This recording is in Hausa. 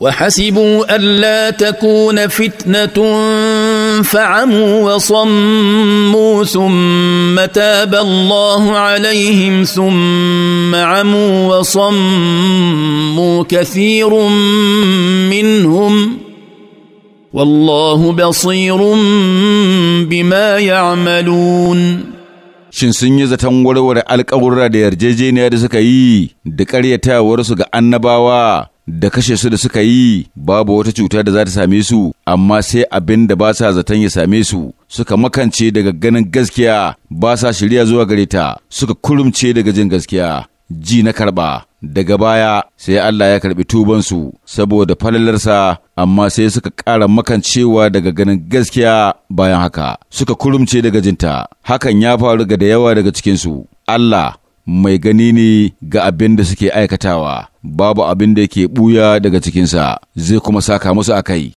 وحسبوا ألا تكون فتنة فعموا وصموا ثم تاب الله عليهم ثم عموا وصموا كثير منهم والله بصير بما يعملون Shin sun yi zaton warware alkawura da yarjejeniya da suka yi da ƙaryatawarsu ga annabawa da kashe su da suka yi babu wata cuta da za ta same su amma sai abin da ba sa zaton ya same su suka makance daga ganin gaskiya ba sa shirya zuwa gare ta suka kurumce daga jin gaskiya ji na karba daga baya sai Allah ya karbi tubansu saboda falalarsa amma sai suka ƙara makancewa daga ganin gaskiya bayan haka suka kurumce daga jinta hakan ya faru ga da yawa daga cikinsu Allah mai gani ne ga abin da suke aikatawa, babu abin da yake buya daga cikinsa, zai kuma saka musu a kai.